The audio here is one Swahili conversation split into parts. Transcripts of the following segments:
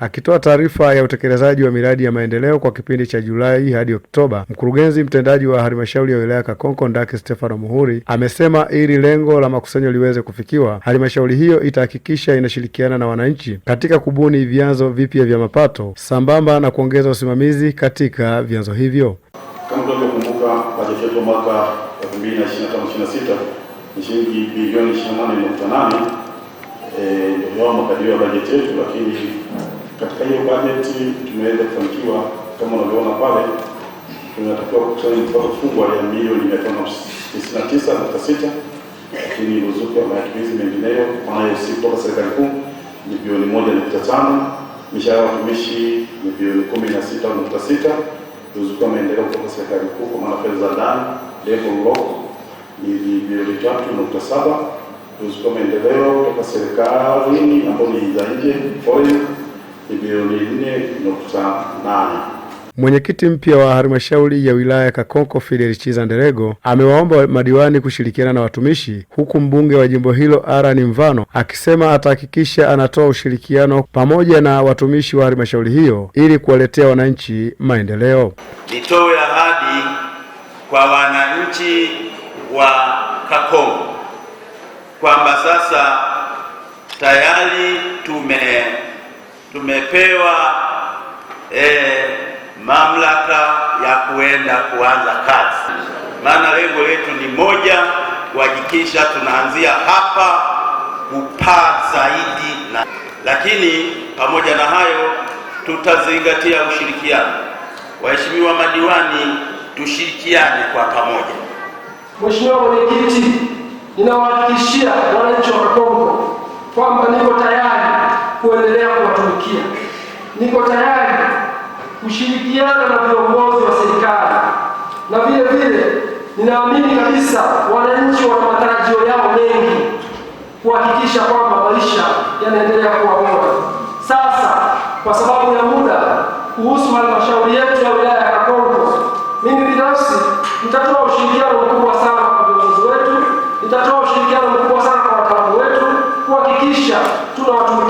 Akitoa taarifa ya utekelezaji wa miradi ya maendeleo kwa kipindi cha Julai hadi Oktoba, mkurugenzi mtendaji wa halmashauri ya wilaya Kakonko Ndaki Stefano Muhuri amesema ili lengo la makusanyo liweze kufikiwa, halmashauri hiyo itahakikisha inashirikiana na wananchi katika kubuni vyanzo vipya vya mapato sambamba na kuongeza usimamizi katika vyanzo hivyo. Kama tunavyokumbuka bajeti yetu mwaka 2025/26 ni shilingi bilioni 28.8 eh, ndio makadirio ya bajeti yetu lakini katika hiyo bajeti tumeweza kufanikiwa kama unavyoona pale, tunatakiwa kukusanya kupata fungu ya milioni mia tano tisini na tisa nukta sita lakini ruzuku ya matumizi mengineyo wanayo si kutoka serikali kuu ni bilioni moja nukta tano mishahara ya watumishi ni bilioni kumi na sita nukta sita ruzuku ya maendeleo kutoka serikali kuu kwa maana fedha za ndani level ni bilioni tatu nukta saba ruzuku ya maendeleo kutoka serikalini ambayo ni za nje foreign Mwenyekiti mpya wa halmashauri ya wilaya ya Kakonko Fidel Chiza Nderego amewaomba madiwani kushirikiana na watumishi, huku mbunge wa jimbo hilo arani Mvano akisema atahakikisha anatoa ushirikiano pamoja na watumishi wa halmashauri hiyo ili kuwaletea wananchi maendeleo. Nitoe ahadi kwa wananchi wa Kakonko kwamba sasa tayari tume tumepewa eh, mamlaka ya kuenda kuanza kazi, maana lengo letu ni moja, kuhakikisha tunaanzia hapa kupaa zaidi na, lakini pamoja na hayo tutazingatia ushirikiano. Waheshimiwa madiwani, tushirikiane kwa pamoja. Mheshimiwa Mwenyekiti, ninawahakikishia wananchi wa Kakonko kwamba niko tayari kuendelea kuwatumikia. Niko tayari kushirikiana na viongozi wa serikali, na vile vile ninaamini kabisa wananchi wana matarajio yao mengi kuhakikisha kwamba maisha yanaendelea kuwa bora. Sasa kwa sababu ya muda, kuhusu halmashauri yetu ya wilaya ya Kakonko, mimi binafsi nitatoa ushirikiano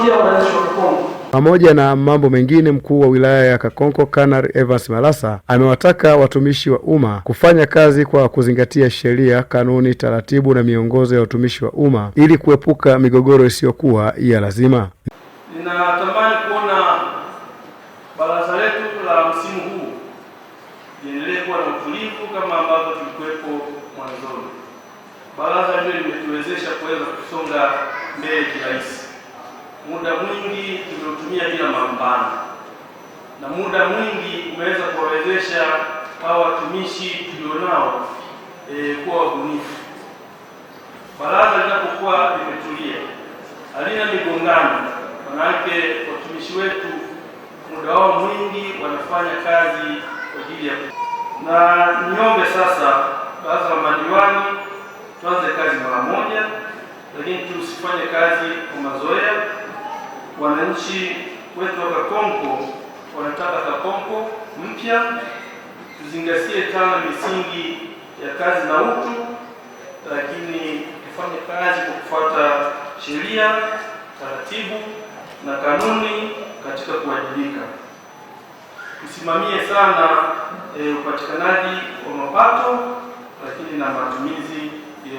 kuwafikia wananchi wa Kakonko. Pamoja na mambo mengine, mkuu wa wilaya ya Kakonko Kanar Evans Malasa amewataka watumishi wa umma kufanya kazi kwa kuzingatia sheria, kanuni, taratibu na miongozo ya watumishi wa umma ili kuepuka migogoro isiyokuwa ya lazima. Ninatamani kuona baraza letu la msimu huu liendelee kuwa na utulivu kama ambavyo tulikuwepo mwanzoni. Baraza hilo limetuwezesha kuweza kusonga mbele kirahisi muda mwingi tumeutumia bila mapambano, na muda mwingi umeweza kuwawezesha hawa watumishi tulionao e, kuwa wabunifu. Baraza linapokuwa limetulia halina migongano, manake watumishi wetu muda wao mwingi wanafanya kazi kwa ajili ya na niombe sasa baraza la madiwani tuanze kazi mara moja, lakini tusifanye kazi kwa mazoea wananchi wetu wa Kakonko wanataka Kakonko mpya. Tuzingatie tena misingi ya kazi na utu, lakini tufanye kazi kwa kufuata sheria, taratibu na kanuni katika kuwajibika. Tusimamie sana e, upatikanaji wa mapato lakini na matumizi